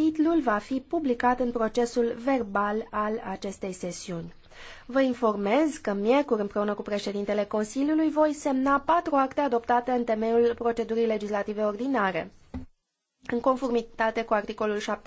Titlul va fi publicat în procesul verbal al acestei sesiuni. Vă informez că miercuri, împreună cu președintele Consiliului, voi semna patru acte adoptate în temeiul procedurii legislative ordinare. În conformitate cu articolul 7